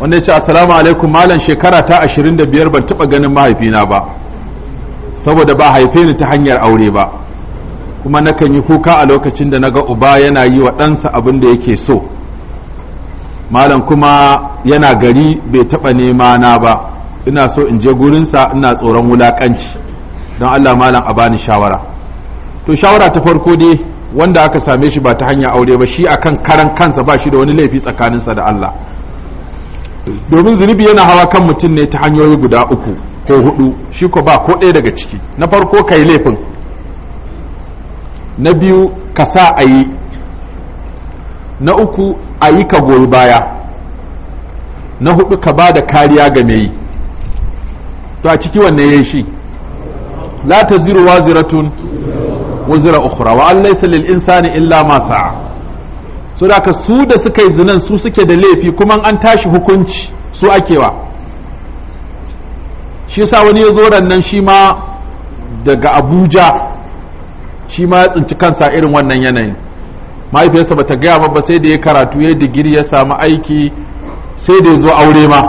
wanda ya ce assalamu alaikum malam shekara ta ashirin biyar ban taba ganin mahaifina ba saboda ba haife ni ta hanyar aure ba kuma nakan yi kuka a lokacin da naga uba yana yi wa ɗansa abin da yake so malam kuma yana gari bai taba nema na ba ina so in je gurinsa ina tsoron wulaƙanci don Allah malam a bani shawara to shawara ta farko dai wanda aka same shi ba ta hanyar aure ba shi akan karan kansa ba shi da wani laifi tsakaninsa da Allah domin zunubi yana hawa kan mutum ne ta hanyoyi guda uku ko hudu shi ko ba ko ɗaya daga ciki na farko ka yi laifin na biyu ka sa a yi na uku a yi ka goyi baya na hudu ka ba da kariya ga mai to a ciki wanne ya shi la ta ziru wa ziratun wa zira ukhra wa an laysa lil insani illa ma sa'a so da ka su da suka yi zinan su suke da laifi kuma an tashi hukunci su akewa shi sa wani ya zo nan shi ma daga abuja shi ma ya tsinci kansa irin wannan yanayin mahaifiyarsa bata gaya ba ba sai da ya karatu ya digiri ya samu aiki sai da ya zo aure ma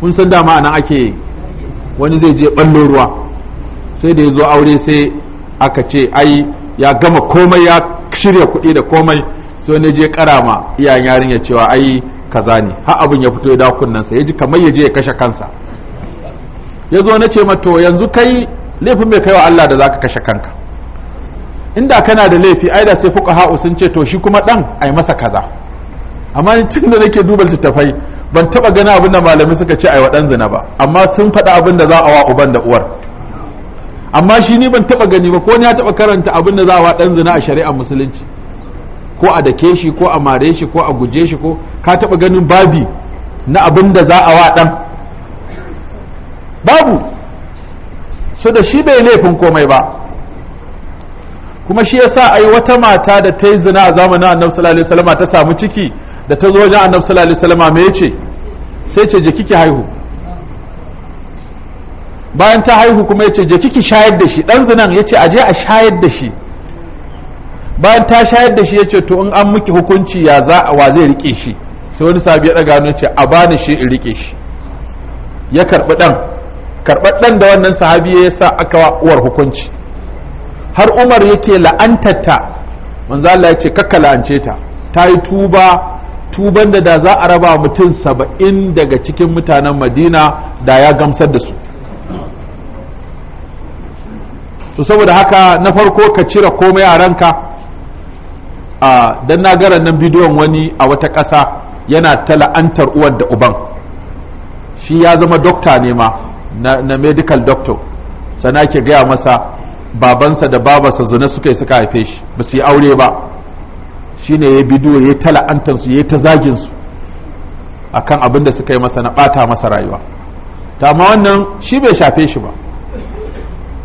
kun san dama nan ake wani zai je ɓallon ruwa sai da ya zo aure sai aka ce ai ya gama komai ya shirya kuɗi da komai sai wani je karama iyayen yarinya cewa ai kaza ne har abin ya fito ya dawo kunnensa ya kamar ya je ya kashe kansa yazo zo na ce mato yanzu kai laifin bai kai wa Allah da zaka kashe kanka inda kana da laifi ai da sai fuqaha sun ce to shi kuma dan ai masa kaza amma tun da nake duba littattafai ban taba gani abin da malami suka ce ai wa dan zina ba amma sun faɗa abin da za a wa uban da uwar amma shi ni ban taba gani ba ko ni ya taba karanta abin da za a wa dan zina a shari'ar musulunci ko a dake shi ko a mare shi ko a guje shi ko ka taɓa ganin babi na abin da za a wa ɗan babu su da shi bai laifin komai ba kuma shi yasa ai wata mata da ta yi zina a zamanin annabi sallallahu alaihi wasallam ta samu ciki da ta zo wajen annabi sallallahu alaihi wasallam me yace sai ce je kike haihu bayan ta haihu kuma yace je kike shayar da shi dan zinan yace aje a shayar da shi bayan ta shayar da shi ya ce to in an miki hukunci ya za a wa zai rike shi sai wani sabi ya daga ya ce a bani shi in rike shi ya karɓi ɗan karɓar ɗan da wannan sahabi ya sa aka wa uwar hukunci har Umar yake la'antarta manzo Allah ya ce kakka la'ance ta ta yi tuba tuban da da za a raba mutum saba'in daga cikin mutanen madina da ya gamsar da su to saboda haka na farko ka cire komai a ranka a dan na nan bidiyon wani a wata ƙasa yana ta la'antar uwar da uban shi ya zama dokta ne ma na, medical doctor sana ke gaya masa babansa da babarsa zina suka yi suka haife shi ba su yi aure ba shi ne ya bidiyo ya yi tala'antarsu ya yi ta zaginsu a kan abin da suka yi masa na ɓata masa rayuwa ta ma wannan shi bai shafe shi ba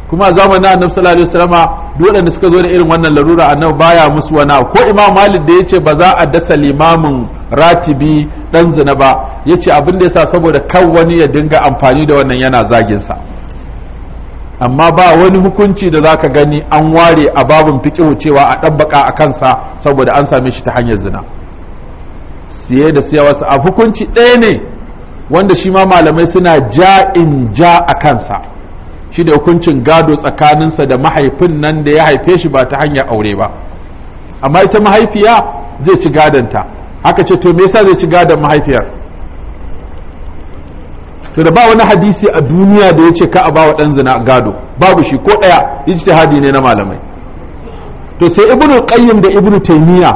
kuma zamanin annabi sallallahu alaihi wasallama Dole waɗanda suka zo da irin wannan larura annabi baya musu wana ko imam malik da yace ba za a dasa limamin ratibi dan zina ba yace abin da yasa saboda kan wani ya dinga amfani da wannan yana zagin sa amma ba wani hukunci da zaka gani an ware a babun fiqhu cewa a dabbaka a kansa saboda an same shi ta hanyar zina siye da siyawarsa a hukunci ɗaya ne wanda shi ma malamai suna ja in ja a kansa shi da hukuncin gado tsakaninsa da mahaifin nan da ya haife shi ba ta hanyar aure ba amma ita mahaifiya zai ci gadonta aka ce to me yasa zai ci gadon mahaifiyar to da ba wani hadisi a duniya da ya ce ka a ba wa ɗan zina gado babu shi ko ɗaya ijtihadi ne na malamai to sai ibnu qayyim da ibnu taymiya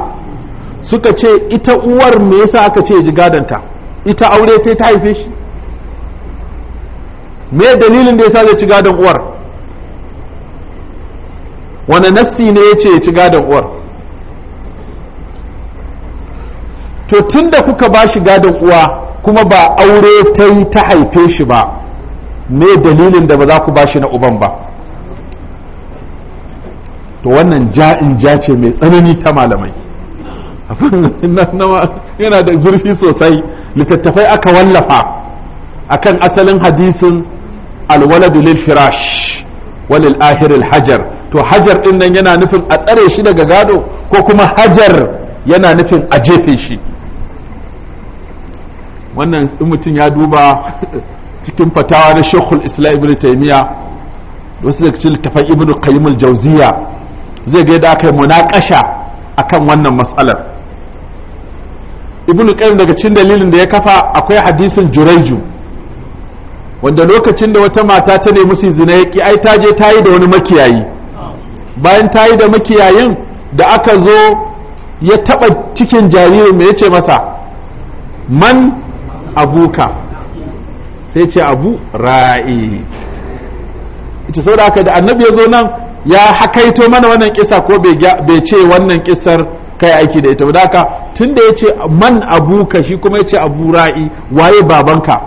suka ce ita uwar me yasa aka ce ji gadonta ita aure ta haife shi me dalilin da ya sa zai ci gadon uwar wani nassi ne ya ce ya ci gadon uwar to tunda kuka ba shi gadon uwa kuma ba aure ta yi ta haife shi ba me dalilin da ba za ku ba shi na uban ba to wannan ja'in ja ce mai tsanani ta malamai yana da zurfi sosai littattafai aka wallafa akan asalin hadisin alwaladu lil firash walil ahirin hajar to hajar din nan yana nufin a tsare shi daga gado ko kuma hajar yana nufin a jefe shi wannan in mutum ya duba cikin fatawa na shekul islam ibn taimiya wasu daga cikin littafan ibn qayyim Jauziya. zai ga yadda aka yi munakasha akan wannan matsalar ibn qayyim daga cikin dalilin da ya kafa akwai hadisin juraiju wanda lokacin da wata mata ta nemi su zina ya ai ta je ta yi da wani makiyayi bayan ta yi da makiyayin da aka zo ya taɓa cikin jaririn mai ya ce masa man abuka sai ce abu ra'i ita sau da aka da annabi ya zo nan ya hakaito mana wannan kisa ko bai ce wannan kisar kai aiki da ita ba da tun da ya ce man abuka shi kuma ya ce abu ra'i waye babanka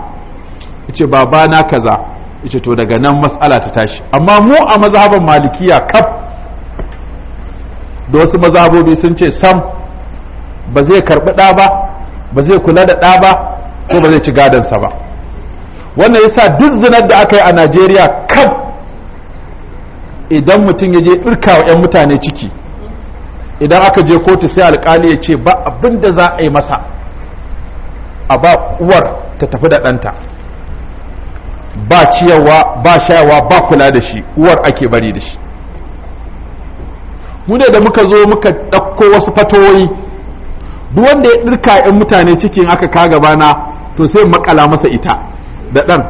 ce babana kaza ita to daga nan matsala ta tashi amma mu a mazhaban malikiya kaf da wasu mazhabobi sun ce sam ba zai karbi ɗa ba ba zai kula da ɗa ba ko ba zai ci sa ba wannan yasa duk zinar da aka yi a najeriya kaf idan mutum ya je irka wa 'yan mutane ciki idan aka je kotu sai alkali ya ce ba abin da za a yi masa a ba uwar ta tafi da ɗanta ba ciyarwa ba shayarwa ba kula da shi uwar ake bari da shi mu da muka zo muka ɗauko wasu fatoyi duk wanda ya ɗirka 'yan mutane cikin aka ka gabana to sai makala masa ita da ɗan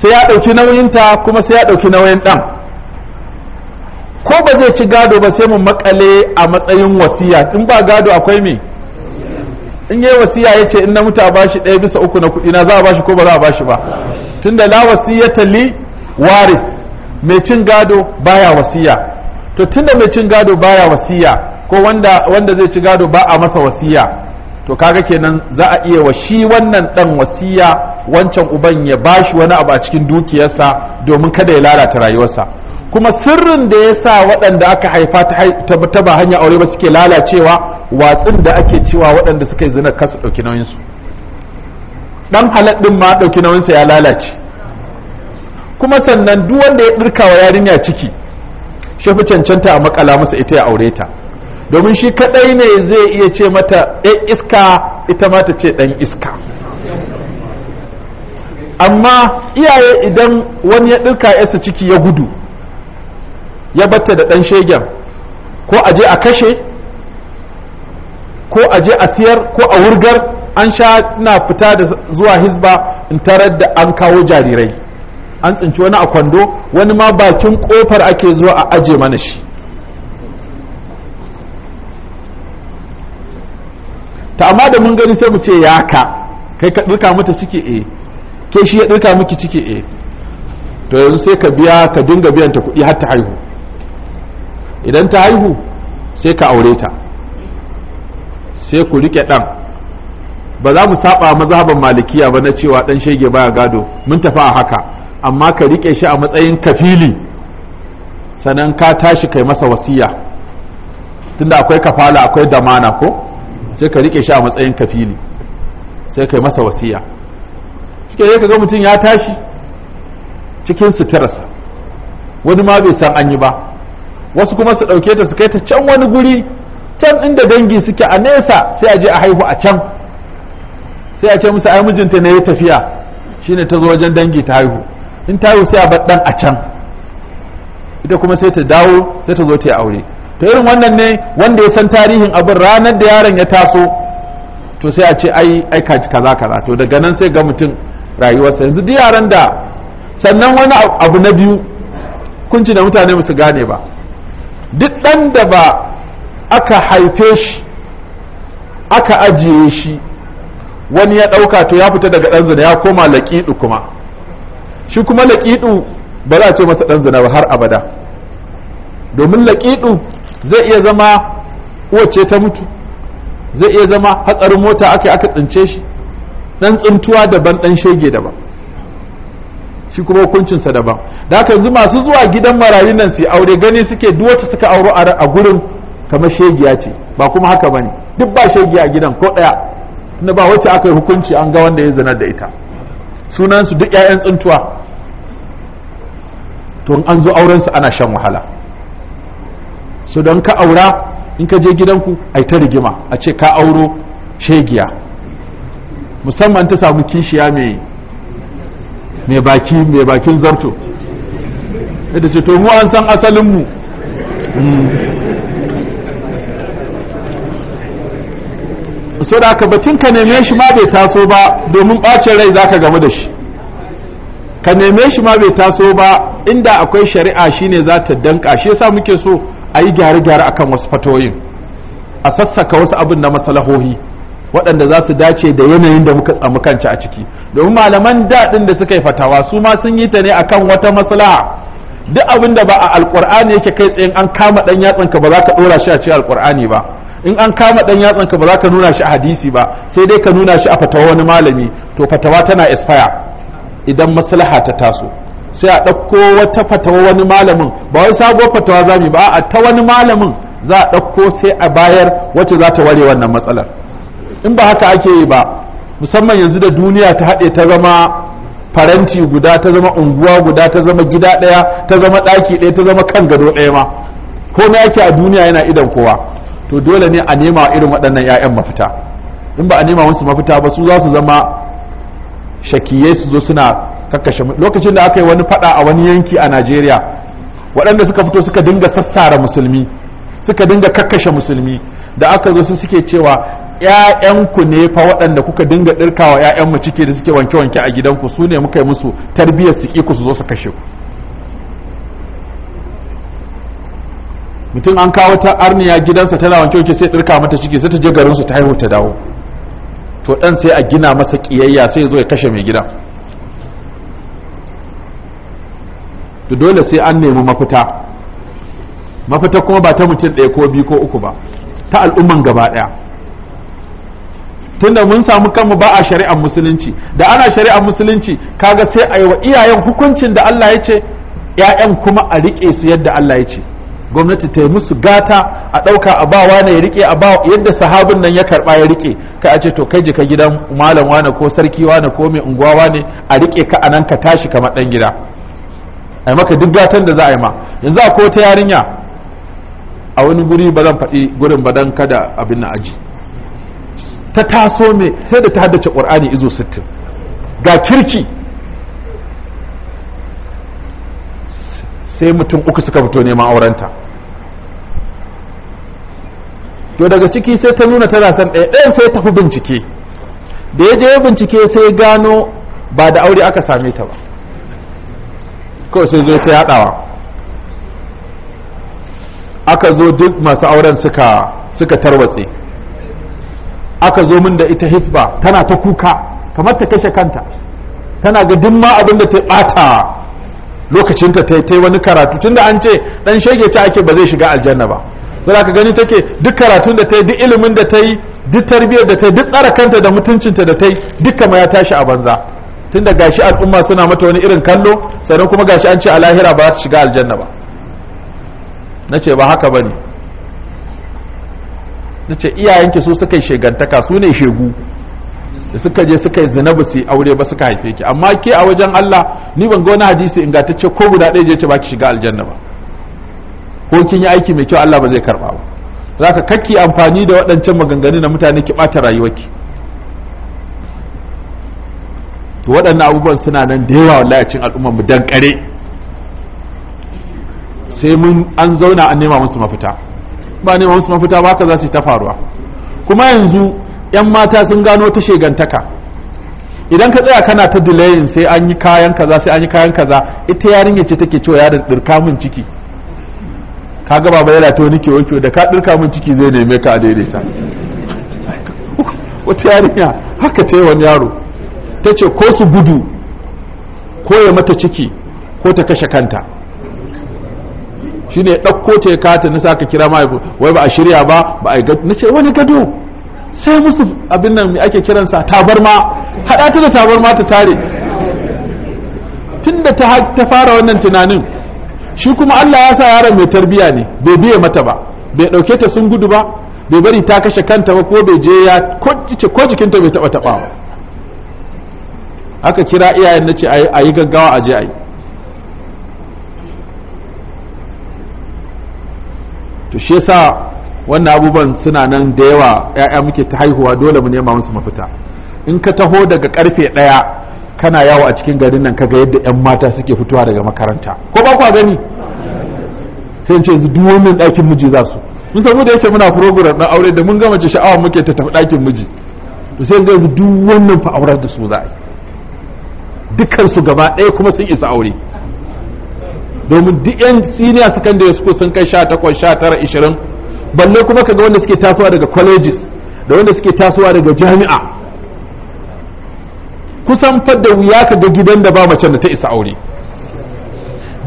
sai ya ɗauki nauyinta kuma sai ya ɗauki nauyin ɗan ko ba zai ci gado ba sai mu makale a matsayin wasiya in ba gado akwai me in yi wasiya ya ce in na mutu a bashi ɗaya bisa uku na kuɗi na za a bashi ko ba za a bashi ba tunda la wasiyata li waris mai cin gado baya wasiya to tunda mai cin gado baya wasiya ko wanda wanda zai ci gado ba a masa wasiya to kaga kenan za a iya wa shi wannan dan wasiya wancan uban ya bashi wani abu a cikin dukiyarsa domin kada ya lalata rayuwarsa kuma sirrin da ya sa waɗanda aka haifa ta ba hanya aure ba suke lalacewa watsin da ake cewa waɗanda suka yi zina kasu ɗauki nauyinsu dan halal din ma dauki sa ya lalace kuma sannan duk wanda ya dirka wa yarinya ciki shafi cancanta a makala masa ita ya aure ta domin shi kadai ne zai iya ce mata ɗan eh, iska ita ma ta ce ɗan iska amma iyaye idan wani ya ɗirka yasa ciki ya gudu ya batta da ɗan shegen ko aje a kashe ko aje a siyar ko a wurgar an sha na fita da zuwa hisba in tarar da an kawo jarirai an tsinci wani a kwando wani ma bakin kofar ake zuwa a aje mana shi ta amma da mun gani sai mu ce ya ka kai ka ɗirka mata ciki eh ke shi ya miki ciki eh to yanzu sai ka biya ka dinga biyan ta kuɗi har ta haihu idan ta haihu sai ka aure ta sai ku rike ɗan ba za mu saba mazhaban malikiya ba na cewa dan shege baya gado mun tafi a haka amma ka rike shi a matsayin kafili sannan ka tashi kai masa wasiya tunda akwai kafala akwai damana ko sai ka rike shi a matsayin kafili sai kai masa wasiya shike ka ga mutum ya tashi cikin suturarsa wani ma bai san an yi ba wasu kuma su ɗauke ta su kai ta can wani guri can inda dangi suke a nesa sai a je a haihu a can sai a ce musu ai mijinta ne ya tafiya shine ta zo wajen dangi ta haihu in ta haihu sai a bar dan a can ita kuma sai ta dawo sai ta zo ta yi aure to irin wannan ne wanda ya san tarihin abin ranar da yaron ya taso to sai a ce ai ai kaji kaza kaza to daga nan sai ga mutum rayuwarsa yanzu duk yaran da sannan wani abu na biyu kunci da mutane musu gane ba duk dan da ba aka haife shi aka ajiye shi wani ya ɗauka to ya fita daga ɗan zina ya koma laƙiɗu kuma shi kuma laƙiɗu ba za a ce masa ɗan zina ba har abada domin laƙiɗu zai iya zama uwace ta mutu zai iya zama hatsarin mota aka aka tsince shi ɗan tsintuwa daban ɗan shege daban shi kuma hukuncinsa daban da haka yanzu masu zuwa gidan marayun nan su aure gani suke duk wacce suka auro a gurin kamar shegiya ce ba kuma haka bane duk ba shegiya a gidan ko ɗaya na ba wacce aka yi hukunci an ga wanda ya zina da ita sunansu duk 'ya'yan tsintuwa to an zo aurensu ana shan wahala so don ka aura in ka je gidanku ai ta rigima a ce ka auro shegiya musamman ta samu kishiya mai mai baki mai bakin zarto yadda ce to mu an san asalinmu hmm. so da ka batun ka neme shi ma bai taso ba domin bacin rai za ka gamu da shi ka neme shi ma bai taso ba inda akwai shari'a shine za ta danka shi yasa muke so a yi gyare-gyare akan wasu fatoyin a sassaka wasu abin na masalahohi waɗanda za su dace da yanayin da muka tsamu kanci a ciki domin malaman daɗin da suka yi fatawa su ma sun yi ta ne akan wata maslaha duk abin da ba a alƙur'ani yake kai tsayin an kama ɗan yatsanka ba za ka ɗora shi a cikin alƙur'ani ba in an kama dan yatsan ka ba za ka nuna shi a hadisi ba sai dai ka nuna shi a fatawa wani malami to fatawa tana expire idan maslaha ta taso sai a ɗauko wata fatawa wani malamin ba wai sabuwar fatawa za mu ba a ta wani malamin za a ɗauko sai a bayar wacce za ta ware wannan matsalar in ba haka ake yi ba musamman yanzu da duniya ta haɗe ta zama faranti guda ta zama unguwa guda ta zama gida ɗaya ta zama ɗaki ɗaya ta zama kan gado ɗaya ma komai ake a duniya yana idan kowa to dole ne a nema irin waɗannan 'ya'yan mafita in ba a nema wasu mafita ba su za su zama shakiyai su zo suna kakkashe lokacin da aka yi wani fada a wani yanki a najeriya waɗanda suka fito suka dinga sassara musulmi suka dinga kakkashe musulmi da aka zo su suke cewa ‘ya'yanku ne fa waɗanda kuka dinga ɗirkawa ‘ya'yanmu ciki da suke wanke-wanke a gidanku su ne muka yi musu tarbiyyar su ku su zo su kashe ku mutum an kawo ta arniya gidansa tana wanke wanke sai ɗirka mata ciki sai ta je garinsu ta haihu ta dawo to ɗan sai a gina masa ƙiyayya sai ya zo ya kashe mai gidan to dole sai an nemi mafita mafita kuma ba ta mutum ɗaya ko biyu ko uku ba ta al'umman gaba ɗaya tunda mun samu kanmu ba a shari'ar musulunci da ana shari'ar musulunci kaga sai a yi wa iyayen hukuncin da Allah ya ce 'ya'yan kuma a riƙe su yadda Allah ya ce gwamnati ta yi musu gata a ɗauka a wa ne ya rike a ba yadda sahabin nan ya karɓa ya rike kai a ce to kai ka gidan malam wane ko sarki wane ko mai unguwa wane a rike ka anan ka tashi kamar ɗan gida a maka duk gatan da za a yi ma yanzu a ko ta yarinya a wani guri ba zan faɗi gurin ba dan kada abin na aji ta taso mai sai da ta haddace ƙur'ani izo sittin ga kirki sai mutum uku suka fito neman aurenta to daga ciki sai ta nuna tana san ɗaya ɗayan sai tafi bincike da ya je bincike sai gano ba da aure aka same ta ba kawai sai zo ta yaɗawa aka zo duk masu auren suka suka tarwatse aka zo min da ita hisba tana ta kuka kamar ta kashe kanta tana ga duk ma abin da ta ɓata lokacinta ta yi wani karatu tunda an ce ɗan shege ta ake ba zai shiga aljanna ba sai ka gani take duk karatun da ta yi duk ilimin da ta yi duk tarbiyyar da ta yi duk tsara kanta da mutuncinta da ta yi dukkan ma ya tashi a banza tunda gashi al'umma suna mata wani irin kallo sannan kuma gashi an ce a lahira ba ta shiga aljanna ba na ce ba haka ba ne na ce iyayenki su suka yi shegantaka su ne shegu da suka je suka yi zina ba su aure ba suka haife ki amma ke a wajen Allah ni ban ga wani hadisi ingantacce ko guda ɗaya je ce ba ki shiga aljanna ba ko kin yi aiki mai kyau Allah ba zai karba ba za ka kakki amfani da waɗancan maganganu na mutane ki ɓata rayuwarki to waɗannan abubuwan suna nan da yawa wallahi cikin al'umma mu dan kare sai mun an zauna an nema musu mafita ba nema musu mafita ba ka za su ta faruwa kuma yanzu yan mata sun gano ta shegantaka idan ka tsaya kana ta delaying sai an yi kayan kaza sai an yi kayan kaza ita yarinya ce take cewa yaron dirka mun ciki kaga baba yana ta wani kewa kewa da ka ɗirka mun ciki zai neme ka a daidaita wata yarinya haka ta yi wani yaro ta ce ko su gudu ko ya mata ciki ko ta kashe kanta ne ɗauko ta ya kata nisa ka kira mahaifu wai ba a shirya ba ba a yi gado na ce wani gado sai musu abin nan mai ake kiransa tabarma haɗa ta da tabarma ta tare tun da ta fara wannan tunanin shi kuma Allah ya sa yaron mai tarbiya ne bai biya mata ba bai dauke ta sun gudu ba bai bari ta kashe kanta ba ko bai je ya ko jikinta bai taba taba ba aka kira iyayen na ce a yi gaggawa a je a yi to shi yasa wannan abubuwan suna nan da yawa ya'ya muke ta haihuwa dole mu nema musu mafita in ka taho daga karfe ɗaya kana yawo a cikin garin nan kaga yadda yan mata suke fitowa daga makaranta ko ba kwa gani sai ce yanzu duk wannan ɗakin miji za su mun san da yake muna program na aure da mun gama ce sha'awa muke ta tafi ɗakin miji to sai ga yanzu duk wannan fa aurar da su za a yi dukkan su gaba ɗaya kuma sun isa aure domin duk yan senior secondary school sun kai 18 19 20 balle kuma kaga wanda suke tasowa daga colleges da wanda suke tasowa daga jami'a kusan fa da wuya ka ga gidan da ba macen da ta isa aure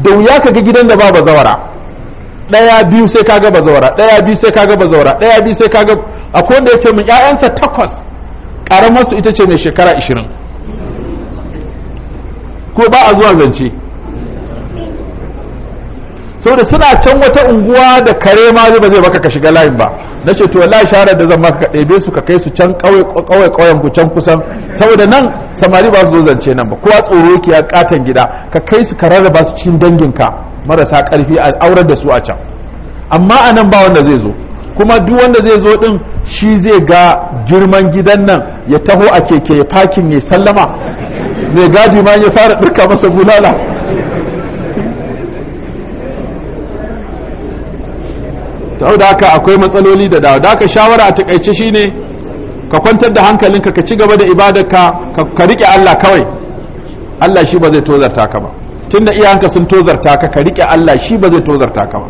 da wuya ka ga gidan da ba bazawara daya biyu sai ka ga bazawara daya biyu sai ka ga bazawara daya biyu sai ka ga akwai wanda yace ce min ƴaƴansa takwas karamar su ita ce mai shekara 20 ko ba a zuwa zance saboda suna can wata unguwa da kare ma ba zai baka ka shiga layin ba na ce to wallahi sharar da zan maka ɗebe su ka kai su can kawai ƙauyen ku can kusan saboda nan samari ba su zo zance nan ba kowa tsoro ki ya katan gida ka kai su ka rarraba su cikin danginka marasa ƙarfi a aurar da su a can amma a nan ba wanda zai zo kuma duk wanda zai zo din shi zai ga girman gidan nan ya taho a keke ya fakin ya sallama mai gadi ma ya fara ɗirka masa bulala to da haka akwai matsaloli da dawa da haka shawara a takaice shine ka kwantar da hankalinka ka ci gaba da ibadarka ka rike Allah kawai Allah shi ba zai tozarta ka ba tunda iyayenka sun tozarta ka ka rike Allah shi ba zai tozarta ka ba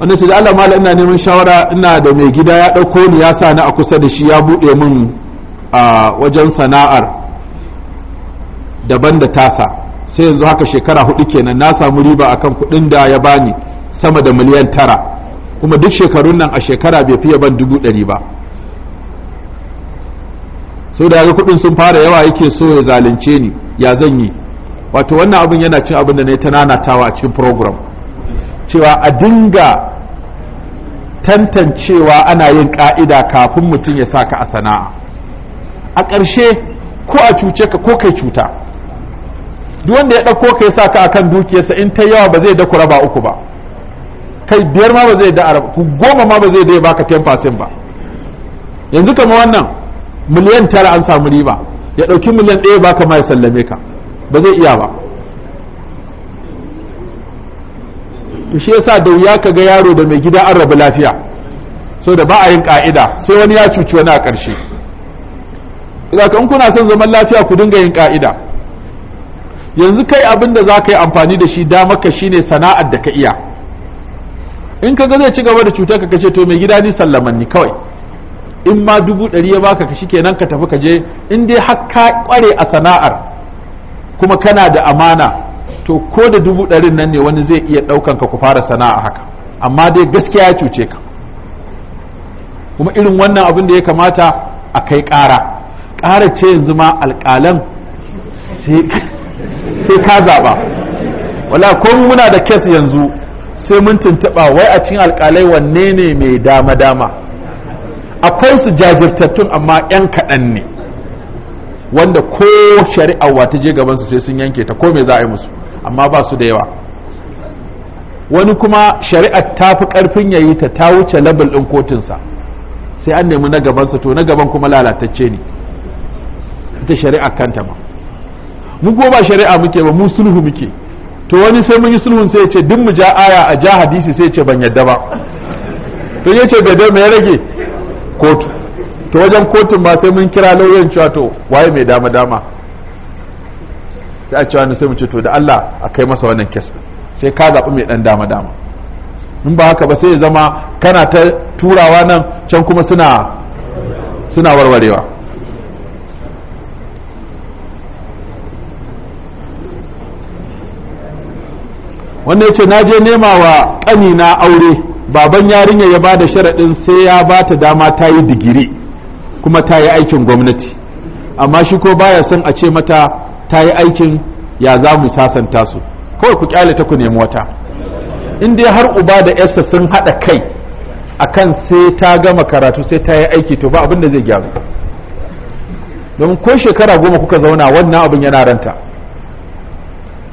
wanda su da Allah mala ina neman shawara ina da mai gida ya ɗauko ni ya sa ni a kusa da shi ya buɗe min a wajen sana'ar daban da tasa sai yanzu haka shekara hudu kenan na samu riba akan kuɗin da ya bani sama da miliyan tara kuma duk shekarun nan a shekara bai fiye ban dubu ɗari ba so da yaga kuɗin sun fara yawa yake so ya zalunce ni ya zan yi wato wannan abin yana cin abin da na ta nanatawa a cikin program cewa a dinga tantancewa ana yin ka'ida kafin mutum ya saka a sana'a a ƙarshe ko a cuce ka ko kai cuta duk wanda ya ɗauko ka ya saka akan dukiyarsa in ta yawa ba zai dakura ba uku ba kai biyar ma ba zai da arab ku goma ma ba zai da baka 10% ba yanzu kamar wannan miliyan tara an samu riba ya ɗauki miliyan ɗaya baka ma ya sallame ka ba zai iya ba shi yasa da wuya ka ga yaro da mai gida an rabu lafiya so da ba a yin ka'ida sai wani ya cuci wani a ƙarshe zaka in kuna son zaman lafiya ku dinga yin ka'ida yanzu kai abin da za ka yi amfani da shi damaka shine sana'ar da ka iya in ka ga zai ci gaba da cutar ka kace to mai gida ni sallamanni kawai in ma dubu ɗari ya baka ka shikenan ka tafi ka je in dai har ka kware a sana'ar kuma kana da amana to ko da dubu ɗarin nan ne wani zai iya ɗaukan ka ku fara sana'a haka amma dai gaskiya ya cuce ka kuma irin wannan abin da ya kamata a kai ƙara ƙara ce yanzu ma alƙalan sai ka zaɓa wala ko muna da kes yanzu sai mun tuntuɓa wai a cikin alƙalai wanne ne mai dama-dama akwai su jajirtattun amma 'yan kaɗan ne wanda ko shari'a ta je gaban su sai sun yanke ta ko me za a yi musu amma ba su da yawa wani kuma shari'ar ta fi ƙarfin yayi ta ta wuce label ɗin kotun sa sai an nemi na gaban sa to na gaban kuma lalatacce ne ita shari'a kanta ma mu ko ba shari'a muke ba mu sulhu muke to wani sai mun yi sulhun sai ya ce duk mu ja aya a ja hadisi sai ya ce ban yadda ba to ya ce bai me ya rage kotu to wajen kotun ma sai mun kira lauyan cewa to waye mai dama dama sai a cewa sai mu ce to da Allah a kai masa wannan kes sai ka zaɓi mai ɗan dama dama in ba haka ba sai ya zama kana ta turawa nan can kuma suna suna warwarewa wanda ce na je nema wa ƙani na aure baban yarinya ya ba da sharaɗin sai ya ba ta dama ta yi digiri kuma ta yi aikin gwamnati amma shi ko baya son a ce mata ta yi aikin ya za mu sasanta su kawai ku kyale ta ku nemi wata in dai har uba da yarsa sun haɗa kai a kan sai ta gama karatu sai ta yi aiki to ba abin da zai gyaru domin ko shekara goma kuka zauna wannan abin yana ranta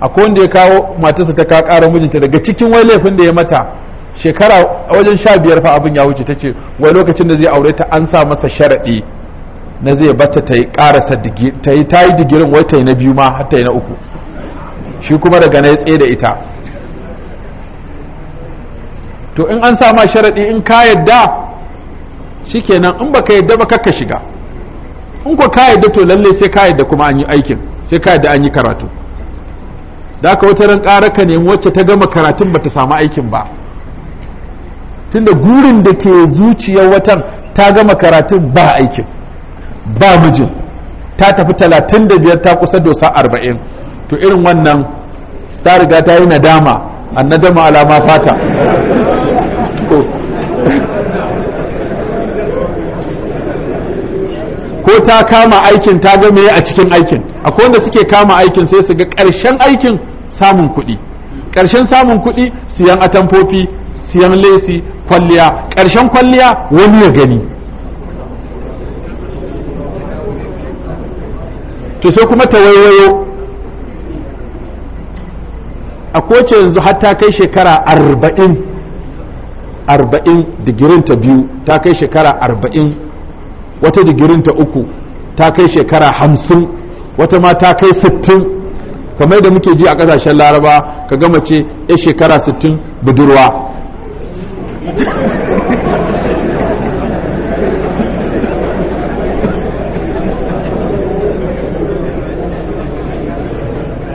akwai wanda ya kawo matarsa ta kara mijinta daga cikin wai laifin da ya mata shekara wajen sha biyar fa abin ya wuce ta ce wai lokacin da zai aure ta an sa masa sharaɗi na zai bata ta yi ƙarasa ta yi ta yi digirin wai ta yi na biyu ma har ta yi na uku shi kuma daga na ya tsaye da ita to in an sa ma sharaɗi in ka yadda shikenan in baka yadda ba kakka shiga in ko ka yadda to lalle sai ka yadda kuma an yi aikin sai ka yadda an yi karatu da ka wata ran ƙara ka nemi wacce ta gama karatun ba ta samu aikin ba tunda gurin da ke zuciyar watan ta gama karatun ba aikin ba mijin ta tafi talatin da biyar ta kusa dosa arba'in to irin wannan ta riga ta yi nadama an nadama alama fata ko ta kama aikin ta gama a cikin aikin akwai wanda suke kama aikin sai su ga ƙarshen aikin samun kuɗi ƙarshen samun kuɗi siyan atamfofi siyan lesi kwalliya ƙarshen kwalliya wani ya gani to sai kuma ta wayoyo a kowace yanzu har ta kai shekara arba'in arba'in digirin ta biyu ta kai shekara arba'in wata digirin ta uku ta kai shekara hamsin wata ma ta kai sittin kamar da muke ji a kasashen laraba ka gama ce ya shekara 60 budurwa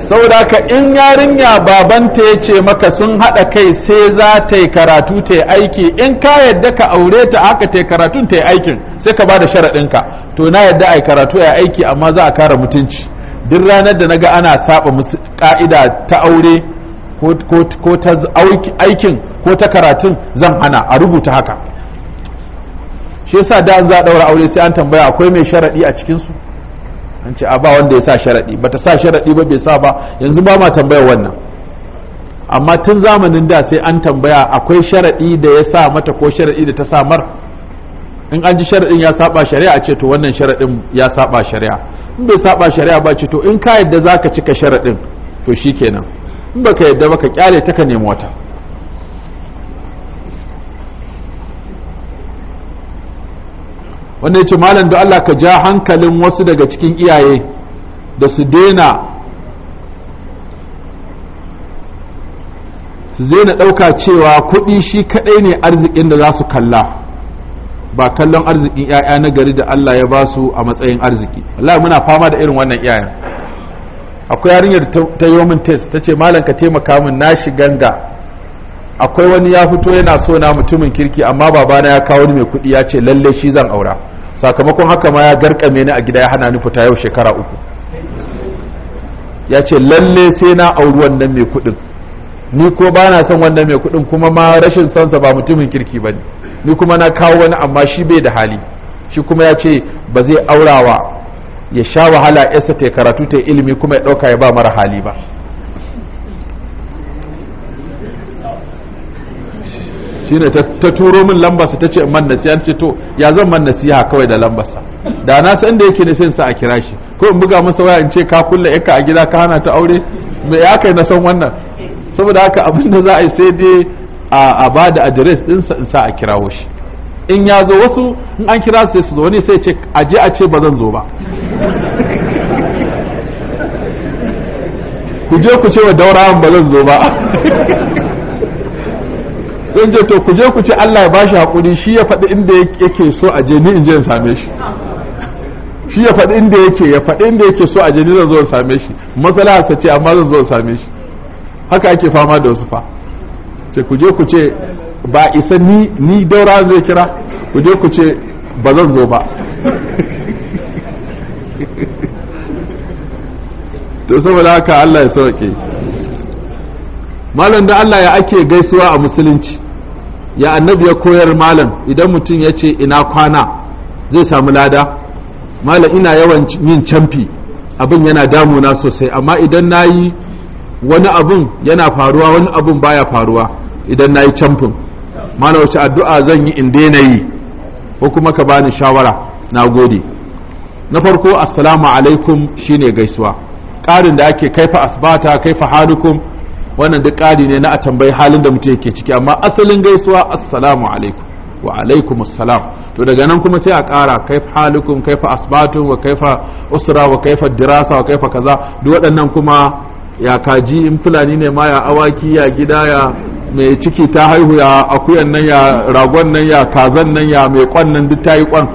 saboda ka in yarinya babanta ya ce maka sun haɗa kai sai za ta yi karatu ta yi aiki in ka yadda ka aure ta haka ta yi karatun ta yi aikin sai ka ba da sharaɗinka to na yadda a yi karatu a aiki amma za a kara mutunci duk ranar da na ga ana saba musu ka'ida ta aure ko ta aikin ko ta karatun zan hana a rubuta haka shi yasa da an za daura aure sai an tambaya akwai mai sharaɗi a cikin su an ce a ba wanda ya sa sharadi bata sa sharaɗi ba bai sa ba yanzu ba ma tambayar wannan amma tun zamanin da sai an tambaya akwai sharadi da ya sa mata ko sharadi da ta samar in an ji sharadin ya saba shari'a a ce to wannan sharaɗin ya saba shari'a in bai saba shari'a ba ce to in ka yadda zaka cika sharaɗin to shi kenan in baka yadda baka kyale ta ka nemi wata ya ce malam da Allah ka ja hankalin wasu daga cikin iyaye da su daina su daina ɗauka cewa kuɗi shi kaɗai ne arzikin da za su kalla ba kallon arzikin ‘ya'ya na gari da Allah ya ba su a matsayin arziki Allah muna fama da irin wannan ‘ya'yan akwai yarinyar ta yi min test ta ce malam ka taimaka min na shi ganga akwai wani ya fito yana so na mutumin kirki amma babana ya kawo ni mai kuɗi ya ce lalle shi zan aura sakamakon haka ma ya garkame ni a gida ya hana ni fita yau shekara uku ya ce lalle sai na auri wannan mai kuɗin ni ko ba na son wannan mai kuɗin kuma ma rashin sansa ba mutumin kirki ba ne ni kuma na kawo wani amma shi bai da hali shi kuma ya ce ba zai aurawa ya sha wahala yasa ta karatu ta ilimi kuma ya ɗauka ya ba mara hali ba ne ta turo min lambarsa ta ce man nasiha ce to ya zan man nasiha kawai da lambarsa da na san da yake ne sai sa a kira shi ko in buga masa waya in ce ka kulla yanka a gida ka hana ta aure me ya kai na san wannan saboda haka abin da za a yi sai dai a ba da adres ɗinsa in sa a kirawo shi in ya zo wasu in an kira sai su zo ne sai ce aje a ce ba zan zo ba ku je ku ce wa daurawan ba zan zo ba sun je to ku je ku ce Allah ya bashi hakuri shi ya faɗi inda yake so a je ni in je in same shi shi ya faɗi inda yake ya faɗi inda yake so a je ni zan zo in same shi matsala sa ce amma zan zo in same shi haka ake fama da wasu fa sai ku je ku ce ba isa ni ni daura zai kira ku je ku ce ba zan zo ba to saboda haka Allah ya sauke malam da Allah ya ake gaisuwa a musulunci ya annabi ya koyar malam idan mutum ya ce ina kwana zai samu lada malam ina yawan yin camfi abin yana damuna sosai amma idan na yi wani abun yana faruwa wani abun baya faruwa idan na yi camfin mana wace addu'a zan yi in daina yi ko kuma ka bani shawara na gode na farko assalamu alaikum shine gaisuwa ƙarin da ake kaifa asbata kaifa halukum wannan duk ƙari ne na a tambayi halin da mutum yake ciki amma asalin gaisuwa assalamu alaikum wa alaikum assalam to daga nan kuma sai a ƙara kaifa halukum kaifa asbatun wa kaifa usra wa kaifa dirasa wa kaifa kaza duk waɗannan kuma ya kaji in fulani ne ma ya awaki ya gida ya mai ciki ta haihu ya akuyan nan ya ragon nan ya kazan nan ya mai kwan nan duk ta yi kwan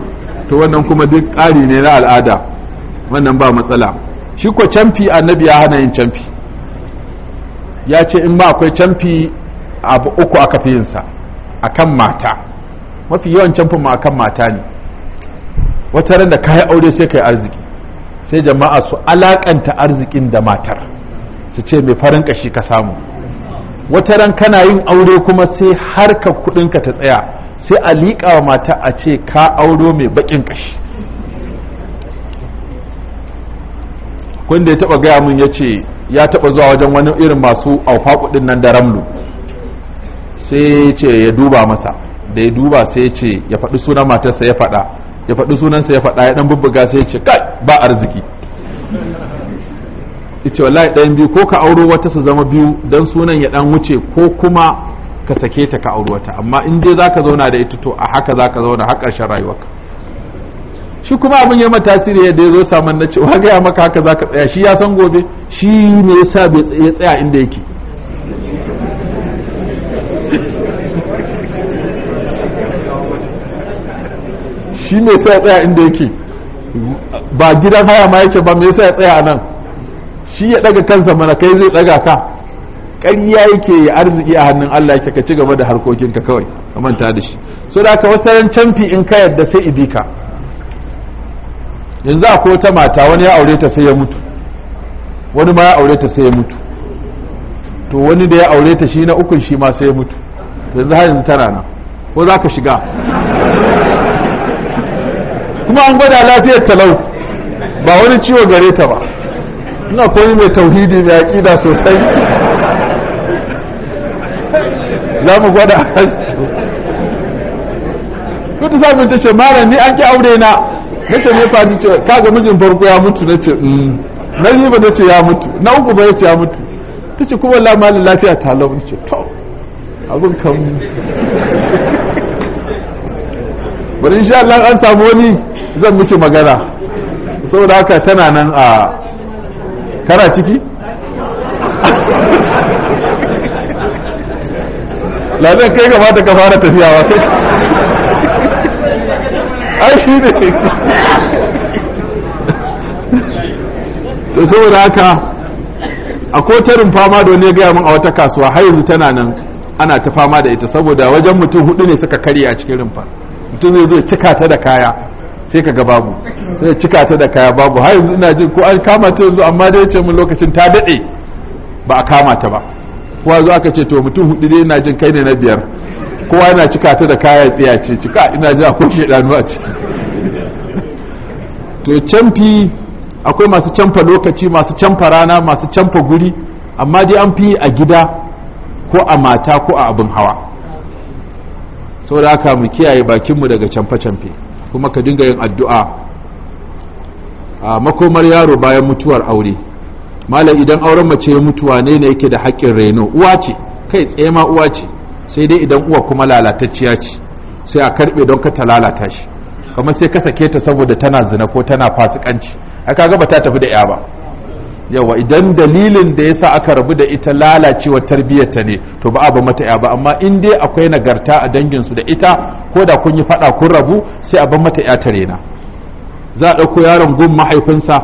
to wannan kuma duk ƙari ne na al'ada wannan ba matsala shi ko camfi annabi ya hana yin camfi ya ce in ba akwai camfi abu uku aka fi yinsa a kan mata mafi yawan camfin ma a kan mata ne wata ran ka yi aure sai ka yi arziki sai jama'a su alaƙanta arzikin da matar su ce mai farin ƙashi ka samu wata ran kana yin aure kuma sai harka kuɗinka ta tsaya sai a liƙa wa mata a ce ka auro mai baƙin ƙashi kun ya taɓa gaya min ya ce ya taɓa zuwa wajen wani irin masu aufa kuɗin nan da ramlu sai ce ya duba masa da ya duba sai ce ya faɗi sunan matarsa ya faɗa ya faɗi sunansa ya faɗa ya ɗan bubbuga sai ce kai ba arziki ita wallahi ɗayan biyu ko ka auro wata su zama biyu dan sunan ya dan wuce ko kuma ka sake ta ka auro wata amma in dai zaka zauna da ita to a haka zaka zauna har ƙarshen rayuwarka shi kuma abin ya mata tasiri yadda ya zo saman na cewa ga ya maka haka zaka tsaya shi ya san gobe shi ne yasa bai ya tsaya inda yake shi ne yasa ya tsaya inda yake ba gidan haya ma yake ba me yasa ya tsaya a nan shi ya daga kansa mana kai zai daga ka ƙarya yake yi arziki a hannun Allah yake ka ci gaba da harkokinka kawai ka manta da shi so da ka wasu ran canfi in ka yadda sai ibi ka yanzu akwai wata mata wani ya aure ta sai ya mutu wani ma ya aure ta sai ya mutu to wani da ya aure ta shi na ukun shi ma sai ya mutu yanzu har yanzu tana nan ko za ka shiga kuma an gwada lafiyar talau ba wani ciwo gare ta ba ina koyi mai tauhidi mai aƙida sosai za mu gwada kuta sabin ta ce mara ni an ki aure na nace ne fadi ce kaga mijin farko ya mutu nace mm. na yi ba ce ya mutu na uku ba ce ya mutu ta ce kuma la lafiya ta lau ce to abin kan bari insha Allah an samu wani zan miki magana saboda haka tana nan a kana ciki lamin kai gaba da ka fara tafiya ba kai ai shi ne to saboda haka a kotarin fama da wani gaya min a wata kasuwa har yanzu tana nan ana ta fama da ita saboda wajen mutum hudu ne suka karya a cikin rumfa mutum zai zo cika ta da kaya sai ka ga babu sai cika ta da kaya babu har yanzu ina jin ko an kama ta yanzu amma dai ce mun lokacin ta dade ba a kama ta ba kowa zo aka ce to mutum hudu dai ina jin kai ne na biyar kowa yana cika ta da kaya tsiya ce cika ina jin akwai shedanu a ciki to camfi akwai masu camfa lokaci masu camfa rana masu camfa guri amma dai an fi a gida ko a mata ko a abin hawa saboda haka mu kiyaye bakinmu daga camfe-camfe kuma ka dinga yin addu'a a makomar yaro bayan mutuwar aure malam idan auren mace ya mutuwa ne ne yake da haƙƙin reno uwa ce kai tsaye ma uwa ce sai dai idan uwa kuma lalatacciya ce sai a karɓe don ka ta lalata shi kamar sai ka sake ta saboda tana zina ko tana fasikanci a kaga ba ta tafi da ya ba yawa idan dalilin da ya sa aka rabu da ita lalacewar ta ne to ba a ba mata ya ba amma in dai akwai nagarta a dangin su da ita ko da kun yi faɗa kun rabu sai a ban mata ya tare na za a ɗauko yaron gun mahaifinsa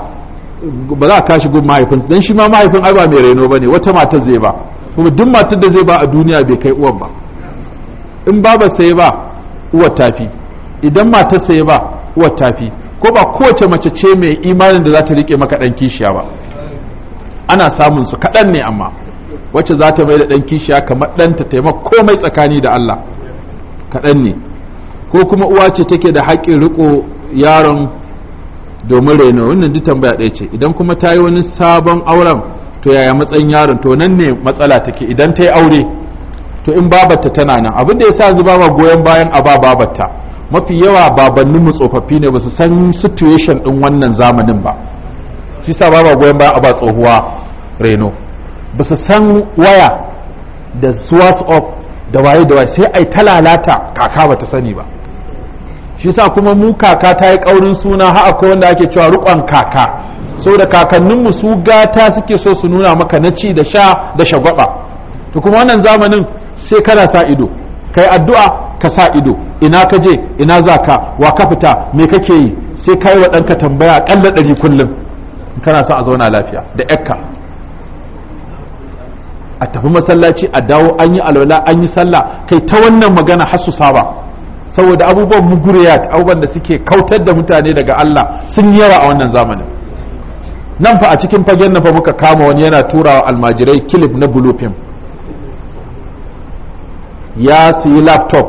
ba za a kashi gun mahaifinsa Dan shi ma mahaifin ai ba mai reno ba ne wata matar zai ba kuma duk matar da zai ba a duniya bai kai uwan ba in baba sai ba uwar tafi idan matar sai ba uwar tafi ko ba kowace mace ce mai imanin da za ta rike maka ɗan kishiya ba ana samun su kaɗan ne amma wacce za ta mai da ɗan kishiya kamar ɗanta taimako komai tsakani da Allah kaɗan ne ko kuma uwa ce take da haƙƙin riko yaron domin raino wannan duk tambaya ɗaya ce idan kuma ta yi wani sabon auren to yaya matsayin yaron to nan ne matsala take idan ta yi aure to in babarta tana nan abin da ya sa zuba ma goyon bayan a ba babarta mafi yawa babannin mu tsofaffi ne ba su san situation ɗin wannan zamanin ba shi sa ba goyon bayan a ba tsohuwa reno ba su san waya da of da waye da waye sai ai ta lalata kaka bata sani ba shi sa kuma mu kaka ta yi ƙaurin suna ha akwai wanda ake cewa rukon kaka saboda kakanninmu su gata suke so su nuna maka na ci da sha da shagwaba to kuma wannan zamanin sai kana sa ido kai addu'a ka sa ido ina ka je ina za ka wa ka fita me kake yi sai ka yi wa ɗanka tambaya ƙalla ɗari kullum kana sa a zauna lafiya da ƴakka a tafi masallaci a dawo an yi alwala an yi sallah kai ta wannan magana har su saba saboda abubuwan muguriyat abubuwan da suke kautar da mutane daga Allah sun yawa a wannan zamanin nan fa a cikin fagen na fa muka kama wani yana turawa almajirai kilif na bulufin ya siyi laptop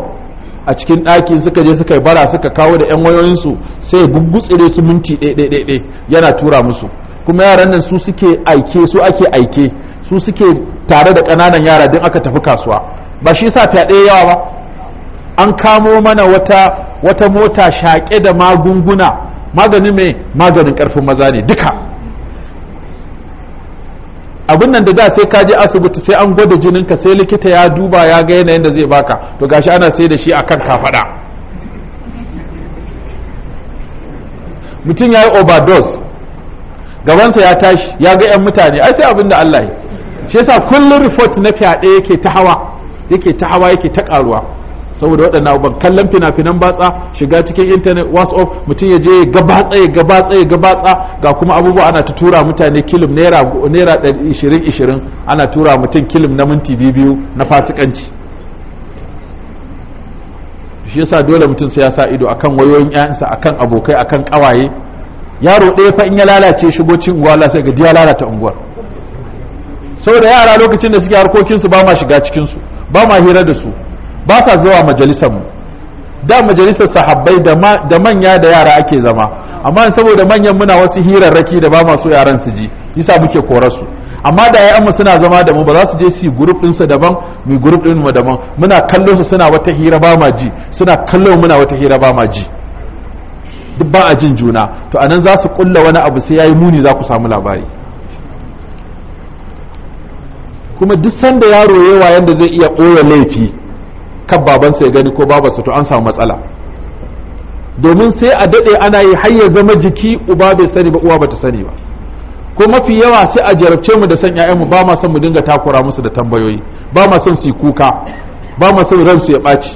a cikin ɗaki suka je suka yi bara suka kawo da 'yan wayoyinsu sai gugutsire su minti ɗaiɗaiɗaiɗai yana tura musu kuma yaran nan su suke aike su ake aike su suke tare da ƙananan yara don aka tafi kasuwa ba shi sa fyaɗe yawa ba an kamo mana wata wata mota shaƙe da magunguna magani mai maganin ƙarfin maza ne duka abin nan da da sai ka je asibiti sai an gwada ka sai likita ya duba ya ga yanayin da zai baka to gashi ana sai da shi akan kafaɗa. mutum ya yi overdose gabansa ya tashi ya ga 'yan mutane ai sai abin da Allah yi shi yasa kullum report na fyaɗe yake ta hawa yake ta hawa yake ta ƙaruwa saboda waɗannan ba kallon fina-finan batsa shiga cikin intanet whatsapp mutum ya je gabatsa ya gabatsa ya gabatsa ga kuma abubuwa ana ta tura mutane kilim naira naira ishirin ishirin ana tura mutum kilim na minti biyu na fasikanci shi yasa dole mutum sai ya sa ido akan wayoyin ƴaƴansa akan abokai akan kawaye yaro ɗaya fa in ya lalace shigo cin unguwa sai ga ya lalata unguwar saboda yara lokacin da suke harkokinsu ba ma shiga cikinsu ba ma hira da su ba sa zuwa majalisar mu da majalisar sahabbai da manya da yara ake zama amma saboda manyan muna wasu hirarraki da ba masu yaran su ji yasa muke su amma da ya'yanmu suna zama da mu ba za su je su group su daban mu group din mu daban muna kallo su suna wata hira ba ma ji suna kallo muna wata hira ba ma ji duk ba a jin juna to anan za su kulla wani abu sai yayi muni za ku samu labari kuma duk sanda yaro yawa yanda zai iya ɓoye laifi kan babansa ya gani ko babarsa to an samu matsala domin sai a daɗe ana yi har ya zama jiki uba bai sani ba uwa bata sani ba ko mafi yawa sai a jarabce mu da san mu ba ma son mu dinga takura musu da tambayoyi ba ma son su yi kuka ba ma son ransu ya ɓaci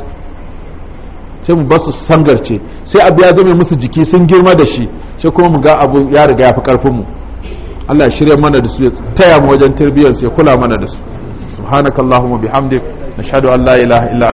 sai mu basu sangarce sai abu ya zama musu jiki sun girma da shi sai kuma mu ga abu ya riga ya fi karfin mu Allah ya shirya mana da su ya taya mu wajen tarbiyyar su ya kula mana da su subhanakallahumma bihamdik nashhadu an la ilaha illa